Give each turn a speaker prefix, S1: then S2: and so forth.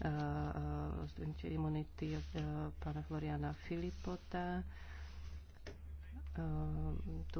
S1: Eh, eh, zdvihnutie imunity eh, pána Floriana Filipota. Tu